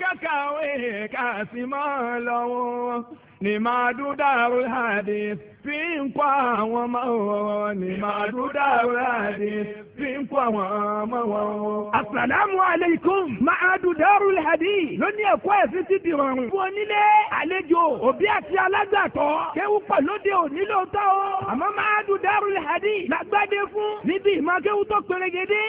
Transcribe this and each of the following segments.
kàkàwé kàsí máa lọ́wọ́ ní máa hadith fi ń kọ́ àwọn ọmọ wọn ní máa dúdàrú hadith fi ń kọ́ àwọn ọmọ wọn. asalaamu aleykum máa dúdàrú hadith lónìí ẹ̀kọ́ ẹ̀sìn ti di rọrùn. fún onílé àlejò òbí àti alágbàtọ́ kéwú pọ̀ lóde òní lóòótọ́ o àmọ́ máa dúdàrú hadith lágbádé fún níbi ìmọ̀ kéwú tó pérégedé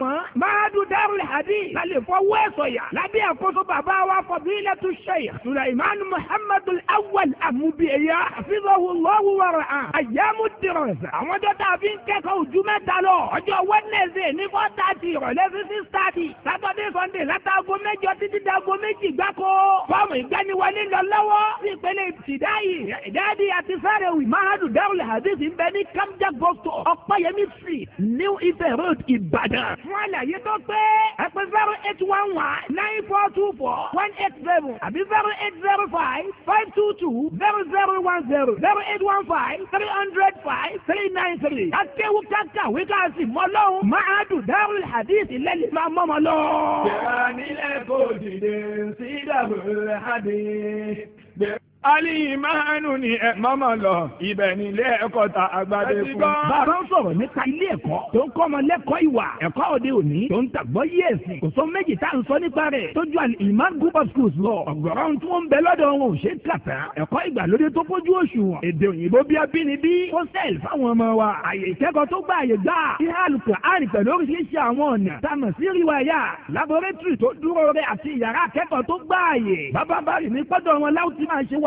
mọ́. máàdù darul hadith lálẹ́ fọwọ́ ẹ̀sọ̀ yà. lábẹ́ àkóso bàbá wa fadilatu shaykh. suleiman muhammadu awwal amubiya. àfihàn lọ́wọ́ wàrà hàn. àyàmú tirọ̀sì. àwọn ọjọ́ tá a fi ń kẹ́kọ̀ọ́ ojú mẹ́ta lọ. ọjọ́ wednesday ní four thirty ìrọ̀lẹ́ fífi sáàtì. saturday sunday látago mẹ́jọ títí dago méjì gbáko. fọ́ọ̀mù ìgbaniwọlé lọ lọ́wọ́. sí ìpele ìtìdáyì. ìdádi àti fẹ́rẹ̀wì máàdù darul hadith ń bẹ ní kamja gosto ọ̀páyẹmí street new ife road ìbàdàn fún àlàyé tó pé ẹ pé zero eight one one nine four two four one eight seven àbí zero eight zero five five two two zero zero one zero zero eight one five three hundred five three nine three. akéwu kákàwé ká sì mọ́ lọ́hùn máa dùn dáhùn hadith lẹ́lẹ̀ máa mọ́ mọ́ lọ. jẹ́ ànílẹ̀ kò dìde sí dàbò hadith. Ali alímánú ni ẹ mọ́mọ́ lọ ibẹ̀ ní ilé ẹ̀kọ́ ta agbádé fún. bàbá ń sọ̀rọ̀ nípa ilé ẹ̀kọ́ tó ń kọ́ ọmọ lẹ́kọ̀ọ́ ìwà ẹ̀kọ́ òde òní tó ń tàgbọ́ yí ẹ̀sìn kò sọ méjì tá à ń sọ nípa rẹ̀ tójú al-Iman group of schools lọ ọ̀gọ̀rọ̀ ohun tí wọ́n ń bẹ lọ́dọ̀ wọn ò ṣe kàtà ẹ̀kọ́ ìgbàlódé tó kójú òṣùwọ̀n èdè òyìnbó bí abínibí hostel fáwọn ọmọ wa àyè ìkẹ́kọ̀ọ́ tó gbà riwaya laboratory tó dúró rẹ̀ àti yàrá akẹ́kọ̀ọ́ tó gbà àyè bábá bá rìn ní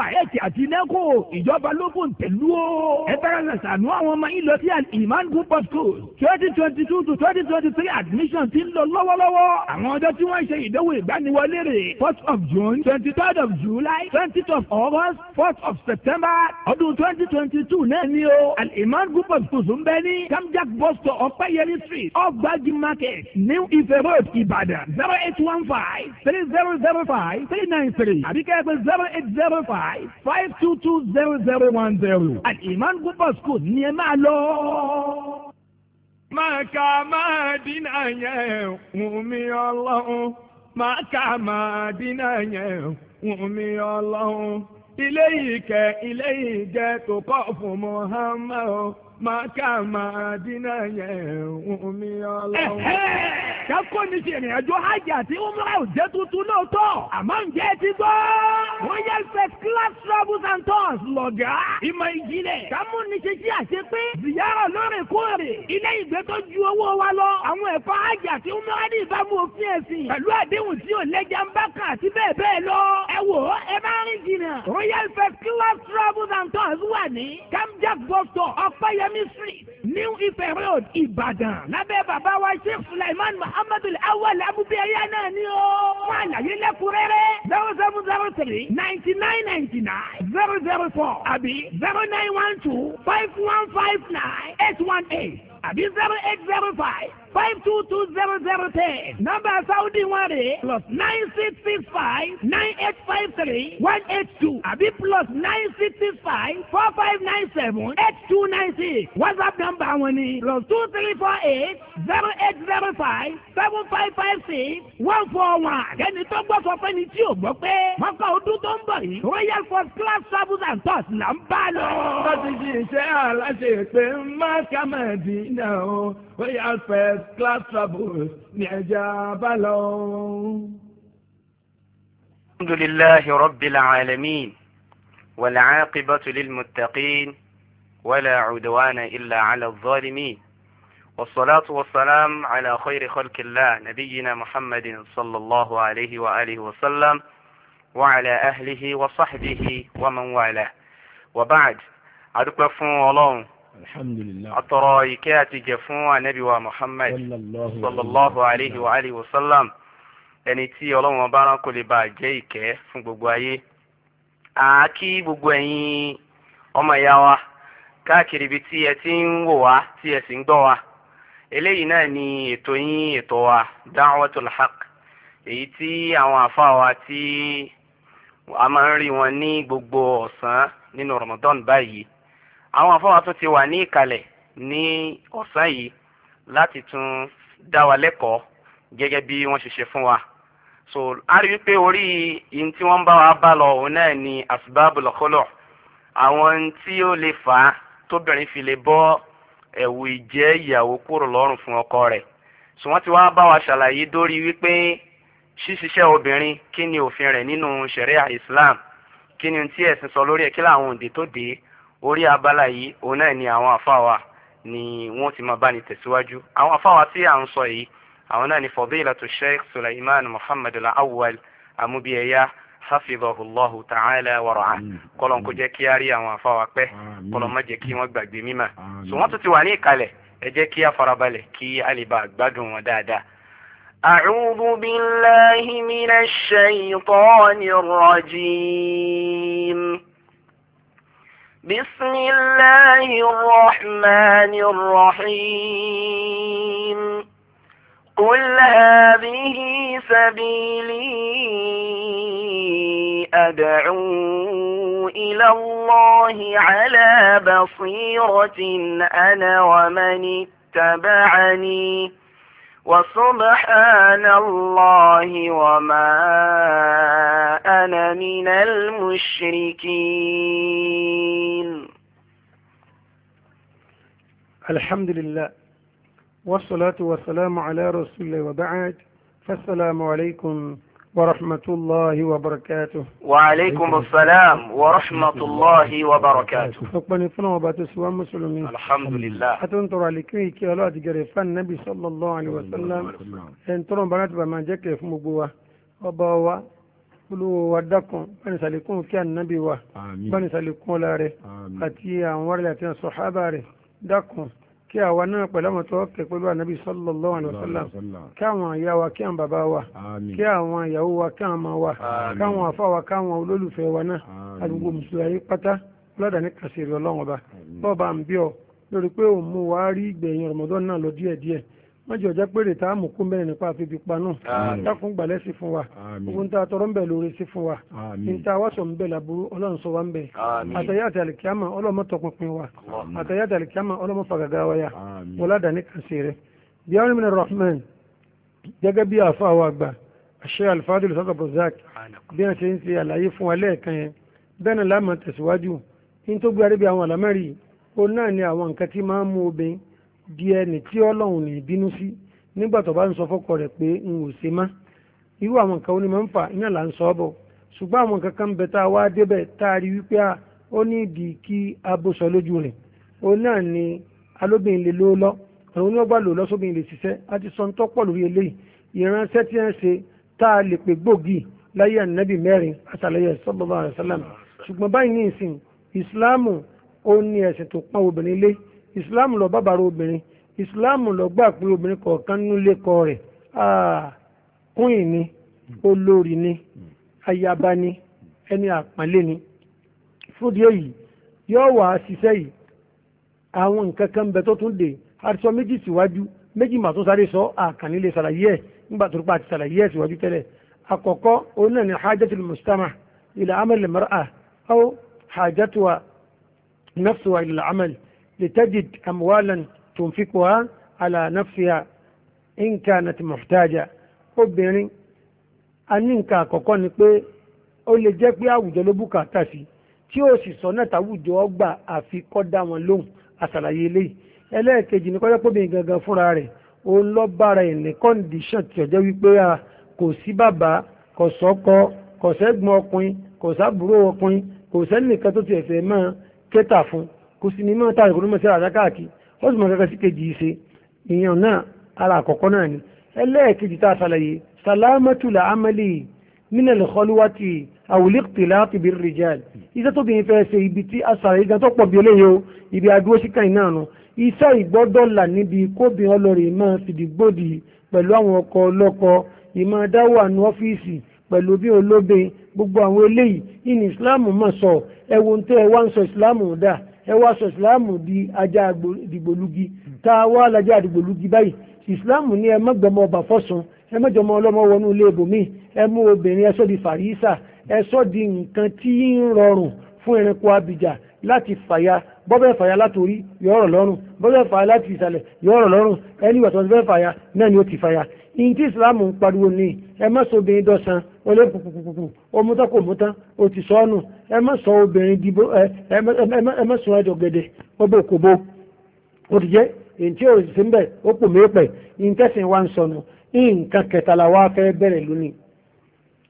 wáyẹ̀tì àti nẹ́kọ̀ ìjọba lókun tẹ̀lú o. ẹ tẹ́ra ṣàṣàánú àwọn ọmọ yín lọ sí Al-Iman group of schools twenty twenty two to twenty twenty three admission ti ń lọ lọ́wọ́lọ́wọ́. àwọn ọjọ́ tí wọ́n ṣe ìdánwò ìgbaniwọlé rè first of June twenty third of July twentieth of August fourth of September ọdún twenty twenty two náà ni o. Al-Iman group of schools ń bẹ ní kamjak bus stop ọ̀pẹ̀yẹmí street ọgbàjì market new ife road Ìbàdàn zero eight one five three zero zero five three nine three àbíkẹ́ pé zero eight zero five five five two two zero zero one zero at Iman Gúpọ̀ school ní Ma máa lọ. Máa ka máa dínà yẹn wù mí ọlọ́run. Máa ka máa dínà yẹn wù mí ọlọ́run. Ilé ìkẹ́ ilé ìjẹ́ tó kọ́ fún Muhammad o maka madina yẹn omi ọlọ́wọ́. ká kọ́ ní ṣe ìrìn àjò hajj àti umrah ò jẹ́ tuntun náà tọ̀ àmọ́ ń jẹ́ Plus Ìmọ̀ ìjìnlẹ̀. Kámú ni ṣe tí pé. Ziyara lóòrèkóòrè. Ilé ìgbé tó ju owó wa lọ. Àwọn ẹ̀kọ́ ajé àti umrani ìbámu òfin ẹ̀sìn. Pẹ̀lú àdéhùn tí ò lẹ́jà ń bá kà àti bẹ́ẹ̀ bẹ́ẹ̀ lọ. Ẹ wò ó, ẹ bá rìn jìnnà. Royal First Class Travels and Tours wà ní. Kamjak bus stop Ọ̀pẹ́yẹmí Street, New Ife Road, Ìbàdàn. Lábẹ́ bàbá wa Sheikh Sulaiman Muhammadu Awal Abubiyaya náà ni ó. Fún àlàyé lẹ́kùnrẹ́rẹ́. zero seven zero three ninety nine ninety nine zero zero seven four àbí zero nine one two five one five nine eight one eight Abi zero eight zero five five two two zero zero ten number saudi one rè plus nine six six five nine eight five three one eight two Abi plus nine six six five four five nine seven eight two nine six whatsapp number one ni plus two three four eight zero eight zero five seven five five six one four one. kẹ́ni tó gbọ́ sọ fẹ́ni tí ò gbọ́ pé mọ́kà ọdún tó ń bọ̀ yìí royal first class travel santos là ń تجي سال láti ما كما máka mẹ́dínà o كلاس yà الحمد لله رب العالمين والعاقبة للمتقين ولا عدوان إلا على الظالمين والصلاة والسلام على خير خلق الله نبينا محمد صلى الله عليه وآله وسلم وعلى أهله وصحبه ومن والاه وبعد adúpẹ́ fún A alhamdulillah atọrọ ìkẹ́ àti ìgẹ̀ fún ànábì wa muhammad sallallahu alayhi wa alihi wa sallam ẹni tí ọlọ́run ọba rán lè bá jẹ́ ìkẹ́ fún gbogbo ayé a kí gbogbo ẹ̀yin ọmọ ìyá wa káàkiri ibi tí ẹ ti ń wò wá wa eléyìí náà ni ètò yín ètò wa da'watul haqq èyí tí àwọn àfa wa ti. a máa ń rí wọn ní gbogbo ọ̀sán nínú Ramadan báyìí àwọn afọwọ́n tún ti wà ní ìkàlẹ̀ ní ọ̀sán yìí láti tún dá wa lẹ́kọ̀ọ́ gẹ́gẹ́ bí wọ́n ṣe ṣe fún wa so a rí wípé orí yìí tí wọ́n ń bá wa bá lọ òun náà ni asbabul khulu' àwọn tí ó lè fà á tóbìnrin fi lè bọ́ ẹ̀wù ìjẹ́ ìyàwó kúrò lọ́rùn fún ọkọ rẹ̀ so wọ́n ti wá bá wa ṣàlàyé dórí wípé ṣíṣiṣẹ́ obìnrin kí ni òfin rẹ̀ nínú ṣẹ̀ríà Islam kí ni tí ẹ̀sìn sọ lórí ẹ̀ kí làwọn òǹdè tó dé orí abala yìí òun náà ni àwọn àfáwà ni wọ́n ti máa bá ní tẹ̀síwájú àwọn àfáwà tí à ń sọ yìí àwọn náà ni fadilatu Sheikh Sulaiman Muhammad al-Awwal amúbíyẹyà hafidhahullahu ta'ala wa ra'ah kọlọ̀ kó jẹ́ kí á rí àwọn àfáwà pẹ́ kọlọ̀ má jẹ́ kí wọ́n gbàgbé mímà so wọ́n tún ti wà ní ìkàlẹ̀ ẹ jẹ́ kí á farabalẹ̀ kí á lè bá gbádùn wọn dáadáa أعوذ بالله من الشيطان الرجيم بسم الله الرحمن الرحيم قل هذه سبيلي أدعو إلى الله على بصيرة أنا ومن اتبعني وسبحان الله وما أنا من المشركين الحمد لله والصلاة والسلام على رسول الله وبعد فالسلام عليكم ورحمة الله وبركاته وعليكم السلام ورحمة الله وبركاته أقبل فنا وباتسوا مسلمين الحمد لله حتون ترى لكي كي الله تجري فن نبي صلى الله عليه وسلم إن ترى بنات بما جك في مبوا وبوا olówó wa dákun báni sàlékún kí ànábì wa báni sàlékún ọlá rẹ̀ àti àwọn kí àwa náà pẹ̀lú àwọn tó kẹ̀ pẹ̀lú ànábì sallallahu alaihi wasallam kí àwọn àyà wa kí àwọn bàbá wa kí àwọn ìyàwó wa kí àwọn ọmọ wa káwọn àfa wa káwọn olólùfẹ́ wa náà àdúgbò mùsùlùmí pátá lọ́dà ní kàṣírí ọlọ́run ọba bọ́ọ̀bà ń bí ọ lórí pé òun mú wa rí ìgbẹ̀yìn Ramadan náà lọ díẹ̀díẹ̀ mọ́jọ jẹ́ pé rètà àmùkú mẹ́rin nípa àfibì pa náà dákun gbalẹ̀ sí fún wa ogun tá a tọrọ ń bẹ̀ lórí sí fún wa ní ta wá sọ̀ ń bẹ̀ làbúrú ọlọ́run sọ wá ń bẹ̀ àtẹ̀yà ọlọ́mọ tọpinpin wa àtẹ̀yà ọlọ́mọ wa ya wọlá dání kan sí rẹ̀ bí àwọn ènìyàn rahman gẹ́gẹ́ bí àfa wa gbà bozak bí wọ́n ṣe ń ṣe àlàyé fún wa lẹ́ẹ̀kan di ẹni tí ọlọ́run ní bínú sí nígbà tó bá ń sọ fọ́kọ rẹ̀ pé n ò ṣe má irú àwọn nǹkan onímọ̀ ń fà iná là ń sọ ọ́ bọ̀ ṣùgbọ́n àwọn kankan bẹ tá a wá débẹ̀ tá a rí wípé a ó ní ìdí kí abóṣọ lójú rẹ̀ òun náà ni alóbìnrin lè ló lọ òun ní ọgbà lò lọ́sọ́bìnrin lè ṣiṣẹ́ a ti sọ ń tọ́pọ̀ lórí eléyìí ìránṣẹ́ tí ń ṣe tá a lè pè gbòógì láyé ànábì mẹ́rin àtàlẹ́yẹ sallallahu alaihi wasallam ṣùgbọ́n báyìí ní ìsìn ìsìláàmù ó ní ẹ̀sìn tó pọ́n obìnrin lé islam lọ bàbàrà obìnrin islam lọ gbà pé obìnrin kọ̀ọ̀kan nílé kọ rẹ̀ kúnyìn ni olórí ni ayaba ni ẹni àpọ́nlé ni fúdi èyí yóò wà á ṣiṣẹ́ yìí àwọn nǹkan kan bẹ tó tún dé aṣọ méjì síwájú méjì màá tún sáré sọ àkànnílé ṣàlàyé ẹ̀ nígbà tó pa àti ṣàlàyé ẹ̀ síwájú tẹ́lẹ̀ àkọ́kọ́ òun náà ni mustama ila amal al mar'a aw hajjatuwa nafsuwa ila amal لتجد أموالا تنفقها على نفسها إن كانت محتاجة obìnrin a ní nǹkan àkọ́kọ́ ni pé ó lè jẹ́ pé àwùjọ ló bùkátà sí tí ó sì sọ náà táwùjọ ọgbà àfi kọ́ dá wọn lóhùn àṣàlàyé eléyìí ẹlẹ́ẹ̀kejì ni kọ́jọ́ pọ́bìnrin gangan fúnra rẹ̀ ó lọ́ bára ẹ̀ ní kọ́ndíṣàn tí ọjọ́ wípé a kò sí bàbá kò sọ́kọ kò sẹ́gbọ́n ọkùnrin kò sábúrò ọkùnrin kò sẹ́nìkan tó ti ẹ̀fẹ̀ máa kẹ́tà fún un kò sì ní mọ́ta ìkòrò mọ́ sí àdá káàkiri ó sì mọ́ kankan sí kejì ṣe ìyàn náà ara àkọ́kọ́ náà ni ẹlẹ́ẹ̀kejì tá a ṣàlàyé salamatula amali minal kọluwati awulikitilati bi rijal iṣẹ́ tó bìnrin fẹ́ ṣe ibi tí a ṣàlàyé gan tó pọ̀ bí eléyìí o ibi adúró sí kàn náà nu iṣẹ́ ìgbọ́dọ̀là níbi kóbìnrin ọlọ́rin máa fìdígbòdì pẹ̀lú àwọn ọkọ ọlọ́kọ ìmọ̀ dáwà ní ọ́fíìsì pẹ̀lú bí olóbe gbogbo àwọn eléyìí ní ìsìláàmù mọ̀ sọ ẹ̀wọ̀n tẹ́ ẹ wá ń sọ ìsìláàmù dáa ẹ wá sọ ìsìláàmù di ajá dìgbòlugi tá a wá lajá dìgbòlugi báyìí ìsìláàmù ni ẹ má gbọmọ ọba fọsùn ẹ má jọmọ ọlọmọ wọnú ilé ibòmíì ẹ mú obìnrin ẹ sọ di fàrísà ẹ sọ di nǹkan tí ń rọrùn fún ẹranko abìjà láti fàya bọ́bẹ̀ fàya látòrí yọ̀ọ̀rọ̀ lọ́rùn bọ́bẹ̀ fàya láti ìsàlẹ̀ yọ̀ọ̀rọ̀ lọ́rùn ẹni wàtọ̀ fẹ́ fàya náà ni ó ti fàya ìyìn tí ìsìláàmù ń pariwo nìyí ẹ má sọ obìnrin dọ̀sán olè pùpùpùpù ọmú tó kò mú tán o ti sọ ọ́nù ẹ má sọ obìnrin dìbò ẹ má sọ ẹjọ gẹ̀dẹ̀ ọbẹ̀ òkòbó o ti jẹ́ èyí ò sí mbẹ̀ ó pò mí pẹ̀ ìǹtẹ́sìn wa ń sọnù nǹkan kẹta la wá fẹ́ bẹ̀rẹ̀ lónìí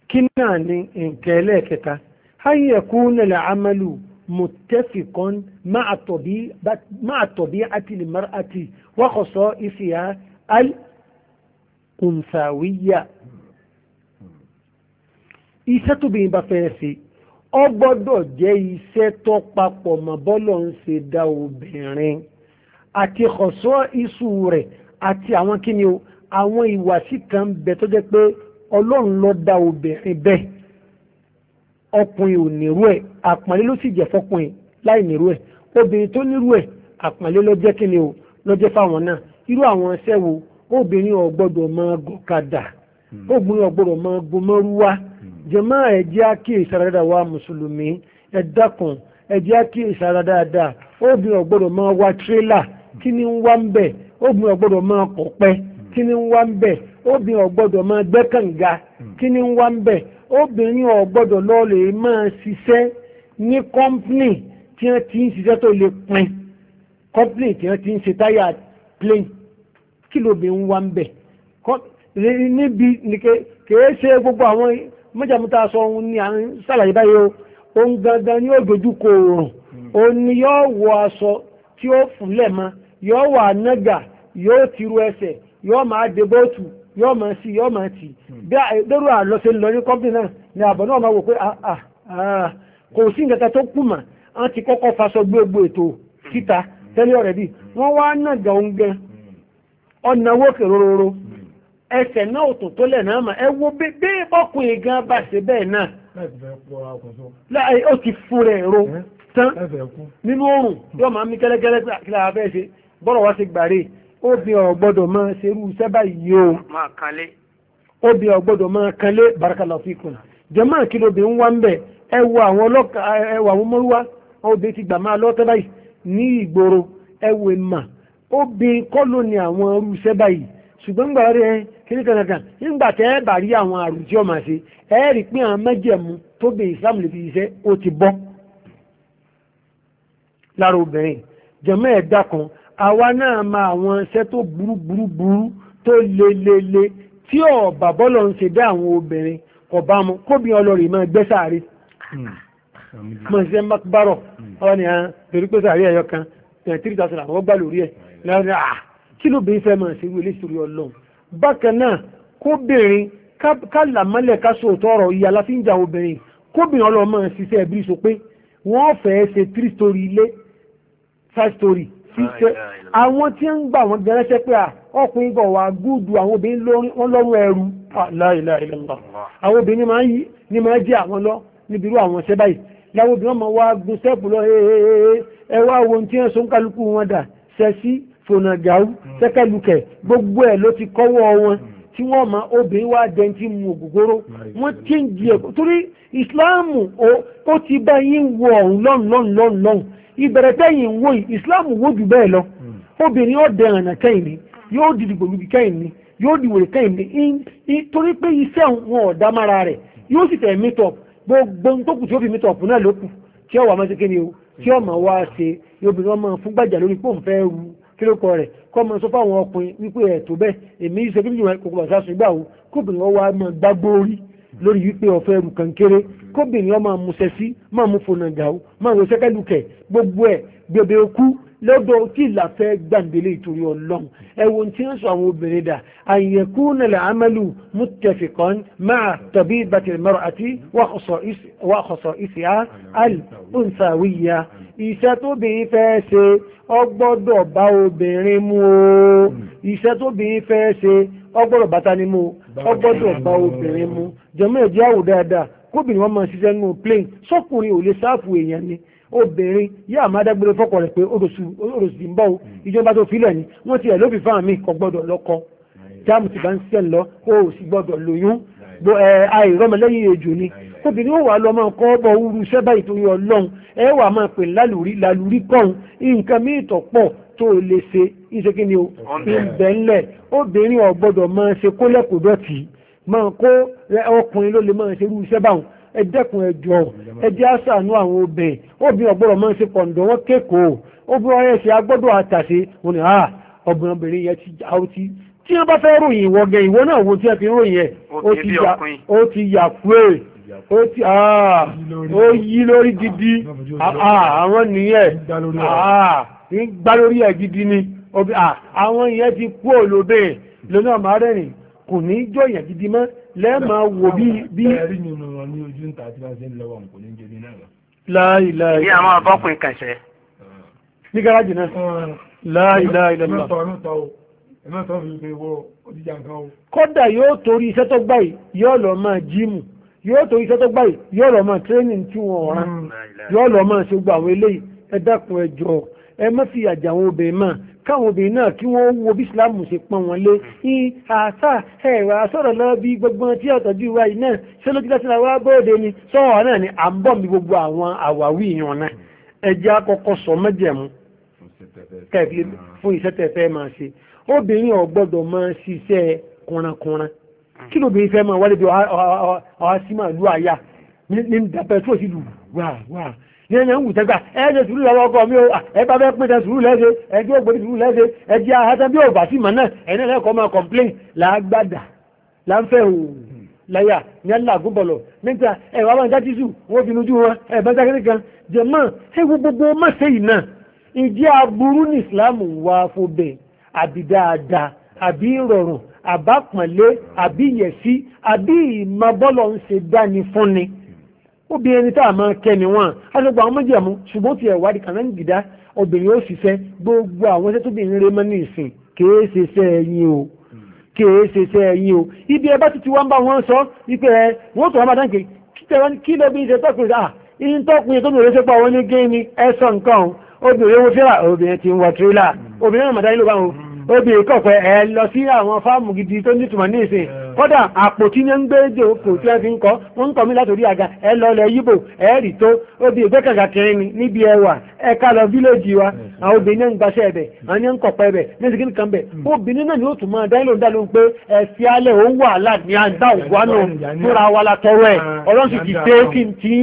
kí náà ni nǹkan ẹlẹ́ẹ̀kẹta háyì ẹ̀kú nílẹ̀ amẹ́lù mùtẹ́fìkan máa tọ̀bí àti lè mara àti wákọ̀sọ́ ìfìyà al-kùnfàwíyà iṣẹ́ tóbìnrin bá fẹ́ ṣe ó gbọ́dọ̀ jẹ́ iṣẹ́ tó papọ̀ mọ́ bọ́lọ̀ ń ṣe dá obìnrin àti ọ̀ṣọ́ iṣu rẹ̀ àti àwọn kíni o àwọn ìwàsí kan bẹ tó jẹ́ pé ọlọ́run ló dá obìnrin bẹ́ẹ̀ ọkùnrin ò nírú ẹ̀ àpọ́nlé ló sì jẹ́ fọkùnrin láì nírú ẹ̀ obìnrin tó nírú ẹ̀ àpọ́nlé ló jẹ́ kíni o ló jẹ́ fáwọn náà irú àwọn iṣẹ́ wo obìnrin ò máa gọ̀kadà hmm. obìnrin ò máa gbọmọ́rúwá jẹ́mọ́ ẹ̀jẹ̀ àkíyè ìsaradà wa mùsùlùmí ẹ dákun ẹ̀jẹ̀ àkíyè ìsara dáadáa obìnrin ọ̀gbọ́dọ̀ máa wá tírélà kí ni ń wá ń bẹ̀ obìnrin ọ̀gbọ́dọ̀ máa kọ̀pẹ́ kí ni ń wá ń bẹ̀ obìnrin ọ̀gbọ́dọ̀ máa gbẹ́ kànga kí ni ń wá ń bẹ̀ obìnrin ọ̀gbọ́dọ̀ lọ́ọ̀lẹ̀ máa ṣiṣẹ́ ní kọ́ńpìnì tí wọ́n ti ń ṣiṣẹ́ tó lè pin kọ́ńpìnì tí wọ́n ti ń ṣe táyà plane kí lóbi ń wá ń bẹ̀ níbi kèé ṣe gbogbo àwọn mọ́jàmú a sọ ohun ni a ń sàlàyé báyìí o gangan ni ó dojú o oòrùn o hmm. ni yóò wọ aṣọ tí ó fúnlẹ̀ mọ́ yóò wà nága yóò tiru ẹsẹ̀ yóò máa de bóòtù yóò máa sí yóò tì hmm. àlọ́sẹ̀ lọ ní kọ́mpì náà ni àbọ̀ náà máa wò pé ah, ah, ah, kò sí nǹkan tó kù mà á ti kọ́kọ́ faṣọ gbogbo ètò síta hmm. tẹ́lẹ̀ ọ̀rẹ́dì wọ́n wá nága òun gan ọ̀nà ẹsẹ̀ náà ò tún tó lẹ̀ náà mà ẹ bí ọkùnrin gan bá ṣe bẹ́ẹ̀ náà ó ti fún rẹ̀ ro tán nínú oòrùn yóò máa mí kẹ́lẹ́kẹ́lẹ́ kí lára ṣe bọ́rọ̀ wá sí gbàrè óbì ọ̀ gbọ́dọ̀ máa ṣerú iṣẹ́ báyìí o óbì ọ̀ máa kanlé barakallahu fikun jàmáà kí wá ń àwọn àwọn ti gbà máa lọ́tẹ́ báyìí ní ìgboro kíní kankan nígbà tẹ́ ẹ bá rí àwọn àrùn tí ọmọ ṣe ẹ rí pín àwọn mẹ́jẹ̀mú tó gbé ìsìlámù lè fi ṣiṣẹ́ ó ti bọ́ lára obìnrin jẹ̀mọ́ ẹ̀dá kan àwa náà ma àwọn iṣẹ́ tó burú burú burú tó lelele tí ọ̀bà bọ́lọ̀ ń ṣe dá àwọn obìnrin ọ̀bá mu kóbi ọlọ́rin máa gbẹ́ sáré mọ̀ sí ẹ̀mọ́ bárọ̀ ni torí pé sáré ẹ̀yọ kan three thousand àwọn gbà lórí ẹ̀ lọ́rọ̀ ni ah, kí ló bẹ́ẹ̀ fẹ́ máa ṣe wọlé sórí ọlọ́run bákan náà kóbìnrin kálàmọ́lẹ̀ káṣó tọrọ ìyá láfíńjà obìnrin kóbìnrin ọlọ́mọ ṣiṣẹ́ ẹbí sọ pé wọ́n fẹ́ẹ́ ṣe three story ilé five story ṣiṣẹ́ àwọn tí ń gbà wọ́n gẹ́rẹ́ṣẹ́ pé ọkùnrin bọ̀ wá gúdù àwọn obìnrin wọ́n lọ́rùn ẹrú láìláìlẹ́lá àwọn obìnrin ni máa jẹ́ àwọn lọ níbi irú àwọn ṣẹ́ báyìí láwọn obìnrin máa wá gun sẹ́ẹ̀pù lọ ẹ wá wo ohun tí wọ́n so ń kálukú wọn dà ṣẹ́ sí fònàgàù sẹ́kẹ̀lùkẹ̀ hmm. gbogbo ẹ̀ ló ti kọ́wọ́ wọn hmm. tí wọ́n ma obìnrin wá dẹn tí mu ògógóró wọ́n tí ń di ẹ̀kọ́ torí ìsìláàmù ó ti bá yín wọ ọ̀hún lọ́n lọ́n lọ́n lọ́n ìbẹ̀rẹ̀ tẹ́yìn wo yìí ìsìláàmù wo jù bẹ́ẹ̀ lọ hmm. obìnrin ó dẹ ànà kẹ́yìn ni yóò di dìgbòlugi kẹ́yìn ni yóò di wèrè kẹ́yìn ni torí pé iṣẹ́ wọn ò dá mára rẹ̀ yóò sì tẹ̀ mítọ̀ gbogbo tó tí ó fi mítọ̀ ọ̀pù náà ló kù tí ó wà máa ṣe kéde o tí ó máa wá ṣe obìnrin ọmọ fúngbàjà lórí pòun fẹ́ kílòpọ̀ rẹ̀ kọ́ mọ sọ fáwọn ọkùnrin wípé ẹ̀ tó bẹ́ẹ̀ èmi ṣe kí nìyẹn kò kọ̀ sásùn ìgbà wo kóbìnrin ọwọ́ máa gbágbó orí lórí wípé ọ̀fẹ́ ẹrù kan kéré kóbìnrin ọmọ àmúṣẹ sí máa mú fònà gà máa wọ sẹ́kẹ́lùkẹ̀ gbogbo ẹ̀ gbèbè okú lọ́dọ̀ tí ìlàfẹ́ gbàǹdélé ìtorí ọlọ́run ẹ̀wọ̀n tí ń sọ àwọn obìnrin dà àyẹ̀kú nílẹ̀ amẹ́lù mútẹ̀fìkan máa tàbí bàtìrìmọ́rọ̀ àti wàhọ̀sọ̀ ìsìá al iṣẹ́ tóbìnrin fẹ́ ṣe ó gbọ́dọ̀ bá obìnrin mu o iṣẹ́ tóbìnrin fẹ́ ṣe ó gbọ́dọ̀ bá tani mu ó gbọ́dọ̀ bá obìnrin mu jẹ̀mú ẹ̀jẹ̀ àwò dáadáa kóbìnrin wọn máa ṣiṣẹ́ nínú plane sọ́kùnrin ò lè sáàfù èèyàn ni obìnrin yá àmọ́ adágbére fọ́kọ rẹ̀ pé olùsìn ń bọ̀ o hmm. ìjọba tó filẹ̀ ni wọ́n ti ẹ̀ lóbi fáwọn mi kò gbọ́dọ̀ lọ́kọ jáàmù ti bá ń ṣẹ̀ lọ kó o sì gbọ́dọ̀ lóyún àìrọ́mọlẹ́yìn èjò ni tóbi ni ó wà lọ́mọ nǹkan ọ̀bọ̀ òru iṣẹ́ báyìí tó yọ ọlọ́run ẹ wà máa pè lálùrí lálùrí kọ́hún nǹkan míì tọ̀ pọ̀ tó o lè ṣe iṣẹ́ kí ni o ìbẹ̀ ńlẹ̀ obìnrin ò gbọ́dọ̀ máa ṣe kólẹ̀kódọ̀tì máa kó ọkùnrin ló lè máa ṣe irú iṣẹ́ báwọn ẹ dẹ́kun ẹ jọ ẹ jẹ́ àṣàánú àwọn obìnrin obìnrin ò gbọ́dọ̀ máa ṣe kọ̀ǹdọ̀ wọn kékòó obìnrin ọ̀rẹ́ ṣe agbọ́dọ̀ àtàṣe òní à ah, ọmọbìnrin yẹn ó ti ó yí lórí gidi àwọn nìyẹn ń gbá lórí ẹ̀ gidi ni àwọn ìyẹn ti kú òlòbẹ̀ lónà ọmọ arẹ́rìn kò ní jọ ìyẹn gidi mọ́ lẹ́ẹ̀mà wò bí bí. ẹ̀rí ni mo rán ní ojú ń ta tí wọ́n ṣe ń lọ́wọ́ kò ní jẹ́ ní náà. láìláì. bí àwọn abọ́kùnrin kan ṣe. ní gáràjì náà. láìláì lọ́la. mẹ́tọ̀ kódà yóò torí iṣẹ́ tó gbà yìí yóò lọ máa jíìmù yóò tó iṣẹ́ tó gbáyìí yóò lọ mọ tírénìn tí wọ́n rán mm, yóò lọ mọ ṣe gba àwọn eléyìí ẹ dákun ẹ jọ ẹ má fi àjà àwọn obìnrin mọ káwọn obìnrin náà kí wọ́n wo bí islam ṣe pọ́n wọn lé ní àṣà ẹ̀rọ àṣọ̀rọ̀ lọ bí gbogbo tí ọ̀tọ̀jú wa yìí náà ṣé ló ti dá síra wá bóde ni sọ́wọ́ náà ni à ń bọ̀ mi gbogbo àwọn àwáwí yàn náà ẹ jẹ́ àkọ́kọ́ sọ mẹ́jẹ̀mú fún iṣẹ́ tẹ̀fẹ́ máa ṣe obìnrin ò máa ṣiṣẹ́ kúnrankúnran kí ló bìí fẹ́ mọ̀ wọ́n lébi ọ̀há sí máa lú àyà ní pẹ̀tró sí lù wà wà ní ẹ̀yẹ̀ ń wù tẹ́gbà ẹ̀ẹ́dẹ̀ sùúrù lọ́wọ́ ọkọ mi ó ẹ̀bá fẹ́ pín tẹ sùúrù lẹ́sẹ̀ ẹ̀jẹ̀ ògbóni sùúrù lẹ́sẹ̀ ẹ̀jẹ̀ ahátẹ́ bí ọ̀bà sí màá náà ẹ̀yìn lẹ́kọ̀ọ́ máa kọ̀m̀plẹ́ìn làágbádà láńfẹ́ òun láyà ní aláàgúnbọ̀lọ̀ nígbà ẹ̀wà bá ń já jísù wọ́n fi nujú wọn ẹ̀bá jákèrè kan jẹ̀mọ́ ẹ̀wọ́ gbogbo mọ̀sẹ̀ yìí náà ìjẹ́ aburú ní ìsìlámù wa fobẹ̀ àbí dáadáa àbí ìrọ̀rùn àbápọ̀nlé àbí ìyẹ̀sí àbí ìmọ̀ bọ́lọ̀ ń ṣe dání fún ni obìnrin tá a máa kẹ́ni wọ́n aṣọ́gbà àwọn méjì àmú ṣùgbọ́n ti ẹ̀wádìí kànáńgìdá obìnrin ó ṣiṣẹ́ gbogbo àwọn iṣẹ́ tóbìnrin rẹ mọ́ ní ìsìn kìí ṣe iṣẹ́ ẹ̀yìn o kìí ṣe iṣẹ́ ẹ̀yìn o ibi ẹ bá ti ti wá ń bá wọn sọ wípé ẹ wọ́n tó wá bá dáǹkì kí ló bí ṣe tọkùnrin à ah, ń tọkùnrin tóbìnrin pa wọn ní géèmì ẹ sọ nǹkan obìnrin wo fẹ́ra obìnrin kọ̀pẹ́ ẹ lọ sí àwọn fáàmù gidi tó nítumọ̀ ní ìsìn kódà àpò tí ní ń gbé jòkó tí wọ́n fi ń kọ́ wọ́n ń kọ́ mi látòrí àga ẹ lọ lẹ yíbò ẹ rì tó obìnrin gbé kàkà ni níbi ẹwà ẹ ká lọ fílẹ̀jì wa àwọn obìnrin náà ń gbaṣẹ́ ẹ̀bẹ̀ àwọn ní ń kọ̀pẹ́ ẹ̀bẹ̀ ní ìsìnkí nìkan bẹ̀ hmm. obìnrin náà ni ó tún máa dá ìlò pé ẹ fi alẹ́ ó wà láàdín àgbà ògbánà fúnra wa la tọrọ ẹ̀ ah, ọlọ́run sì ti dé kí n ti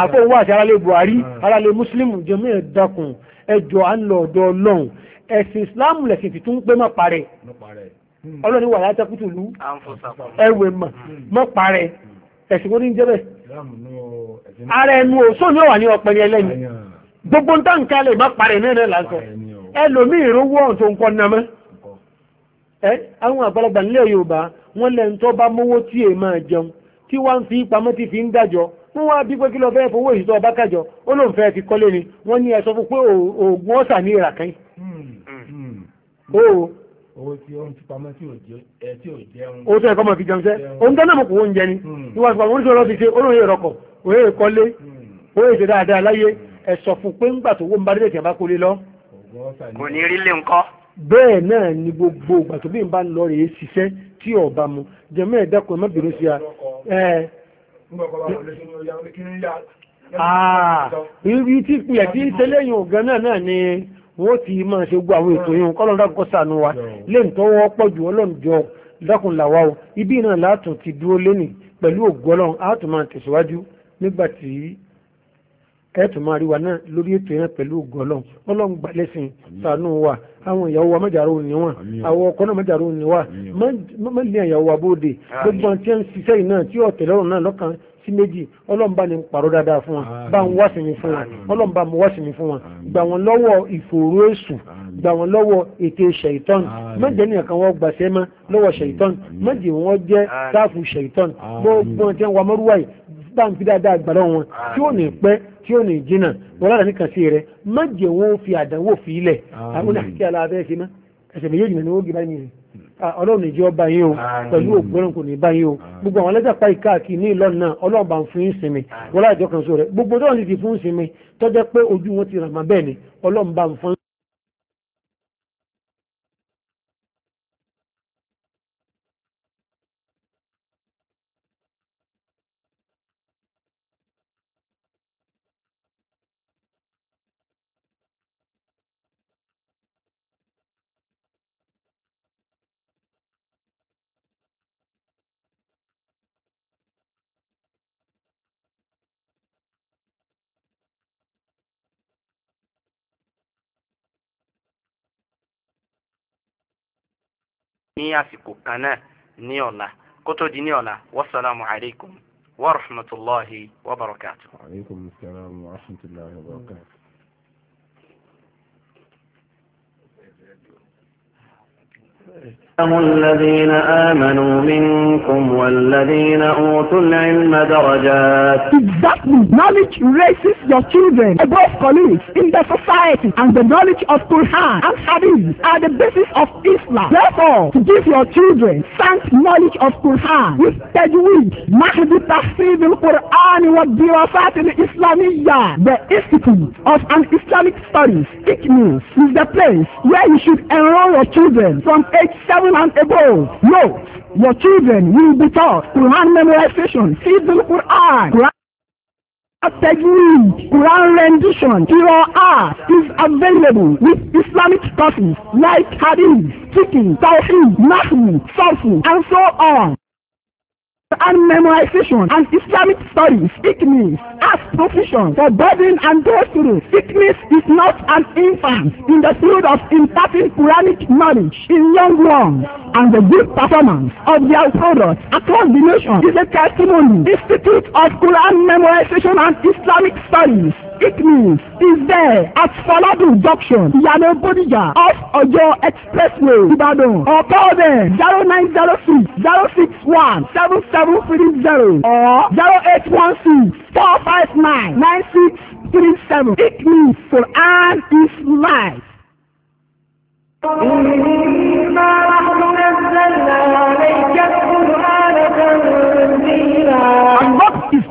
àpò owó àti aráàlú Buhari ah. aráàlú Muslim jẹ́mi ẹ̀dàkùn ẹjọ́ à ń lọ ọ̀dọ̀ ọlọ́run ẹ̀sìn islam lẹ̀sìn fi tún pé mọ́ parẹ́ ọlọ́ni wà láti ẹkùtù lú ẹwẹ̀ mọ̀ mọ́ parẹ́ hmm. hmm. hmm. ẹ̀sìn kò ní jẹ́bẹ̀ ara ẹnu òṣò ní ọ̀wà ní ọpẹni ẹlẹ́ni gbogbo ń tán kálẹ̀ mọ́ parẹ́ náà náà lásọ ẹlòmí ìrówó ọ̀n tó ń kọ́ nàmọ́ ẹ àwọn àgbàlagbà nílẹ̀ Yorùbá wọ́n lẹ́nu tó bá mówó tí èèmọ̀ jẹun tí wọ́n fi pamọ́ wọ́n wá bí pé kí lọ fẹ́ fowó ìṣọ́ ọba kájọ ó lóun fẹ́ fi kọ́lé ni wọ́n ní ẹ̀sọ́ fún pé oògùn ọ̀sà ní ìrà kan hmm. Hmm. owó tí ó ń ti pamọ́ tí ò jẹun. owó tó ẹ̀kọ́ mọ̀ fi jẹun sẹ́ òun tẹ́lẹ̀ mọ̀ kò wọ́n jẹ ni hmm. ìwà ìfọwọ́ oníṣòwò lọ́ọ́ fi ṣe olóyè rọkọ̀ òye kọ́lé òye ṣe dáadáa láyé ẹ̀sọ̀ fún pé ńgbà tó wọ́n bá bẹ́ẹ̀ náà ni gbogbo ìgbà tó bí n bá ń lọ rèé ṣiṣẹ́ tí ọba mu jẹ́mọ́ ẹ̀dá mọ́bìnrin sí a ibi tí pìyẹ̀ tí ń tẹ́lẹ̀yìn ògan náà náà ni wọ́n ti máa ṣe gbọ́ àwọn ètò yìí kọ́lọ́n dákọ̀ sànú wa lẹ́yìn tó wọ́ pọ̀ jù ọlọ́njọ́ dákun làwa o ibi náà látún ti dúró lẹ́nì pẹ̀lú ògbọ́lọ́n á tún máa tẹ̀síwájú nígbà ẹ̀ẹ́tù máa rí wa náà lórí ètò yẹn pẹ̀lú gọlọ́n ọlọ́run gbalẹ́sìn sànú wa àwọn ìyàwó wa mẹ́jàrá òní wọn àwọn ọkọ náà mẹ́jàrá òní wa mẹ́lẹ́ ìyàwó wa bóde gbogbo àti ẹ̀ ń ṣiṣẹ́ yìí náà tí ọ̀tẹ̀ lọ́rùn náà lọ́kàn sí méjì ọlọ́run bá ní pàrọ̀ dáadáa fún wa bá ń wá sinmi fún wa ọlọ́run bá mú wá sinmi fún wa gbà wọ́n lọ́wọ́ ìfòòró èṣù gbà wọ́n lọ́wọ́ ète ṣèitán mẹ́jẹ ní ẹ̀kan wọ́n gbàṣẹ́ mọ́ lọ́wọ́ ṣèitán mẹ́jẹ wọ́n jẹ́ sáàfù ṣèitán gbogbo ọ̀tẹ̀ wa mọ́rúwáyì bá ń fi dáadáa gbàdọ̀ wọn tí ò ní pẹ́ tí ò ní jìnnà wọn lára nìkan sí rẹ má jẹ́ wọn fi àdánwò fi ilẹ̀ àwọn àti alábẹ́ ṣe má ẹsẹ̀ méjèèjì mẹ́ni ó gbé báyìí ah, ọlọ́run ní jẹ́ ọba yín o pẹ̀lú ògbọ́n kò ní báyìí o gbogbo àwọn ẹlẹ́jà pa ìka kì ní ìlọ́nà náà ọlọ́run bá ń fún ìsinmi wọlé wọn ti ràn má bẹ́ẹ̀ ni ọlọ́run bá ní àsìkò kana ní ona koto di ní ọ̀la wasalaamu alaikum wa rahmatullahi wa barakatu. aleykum salaam wa rahmatulahi wa barakatu. Hey. الذين آمنوا منكم والذين أوتوا العلم درجات Exactly. Knowledge raises your children above colleagues in the society and the knowledge of Quran and Hadith are the basis of Islam. Therefore, to give your children sound knowledge of Quran with tajweed, مهد تحفيظ القرآن والدراسات الإسلامية. The Institute of an Islamic Studies, ICMIS, is the place where you should enroll your children from age 7 Seven and above. Note, your children will be taught Quran memorization, Fidul Quran, Quran technique, Quran rendition, Qur'an is available with Islamic courses like Hadith, Fiqh, Tawheed, Nahu, Safu, and so on and memorization and Islamic studies sickness as profession for burden and those through sickness is not an infant in the field of imparting Quranic knowledge in young ones and the good performance of their products across the nation is a testimony institute of Quran memorization and Islamic studies It means is there at Faladu junction, Ìyànà Bódìjà, off Ọjọ́ Expressway, Ibadan. or call them zero nine zero six zero six one seven seven three zero or zero eight one six four five nine nine six three seven. It means Quran is life. إنا نحن نزلنا عليك القرآن تنزيلا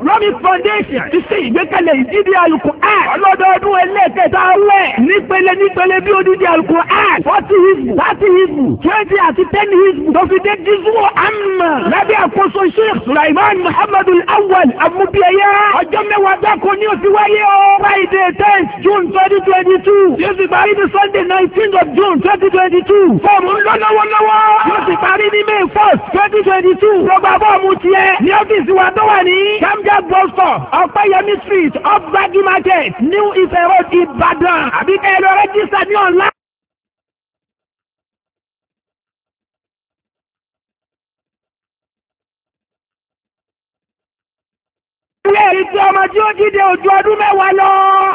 Islamic Foundation ti ṣe ìgbékalẹ̀ ìdíde Al-Qur'an ọlọ́dọọdún ẹlẹ́ẹ̀kẹta rẹ̀ nípele nípele bí odidi Al-Qur'an forty hizbu thirty hizbu twenty àti ten hizbu tó fi dé jizbu amma lábẹ́ àkóso Sheikh Sulaiman Muhammadu Awal Amubiyaya ọjọ́ mẹ́wàá dákò ní òsì wáyé o Friday tenth June twenty twenty two yóò sì parí ní Sunday nineteen of June twenty twenty two fọ́ọ̀mù ńlọ́lọ́wọ́lọ́wọ́ yóò sì parí ní May first twenty twenty two gbogbo àbọ̀ ọ̀mù tiẹ̀ ní ọ́fíìsì wa tó wà ní Kamja Royal Bookstore Ọ̀pẹ́yẹmí Street Ọgbàdì Market New Ife Road Ìbàdàn àbí ẹ lọ rẹ́jísà ní ọ̀la. Ilé ẹ̀rí tí ọmọ tí ó jíde ojú ọdún mẹ́wàá lọ.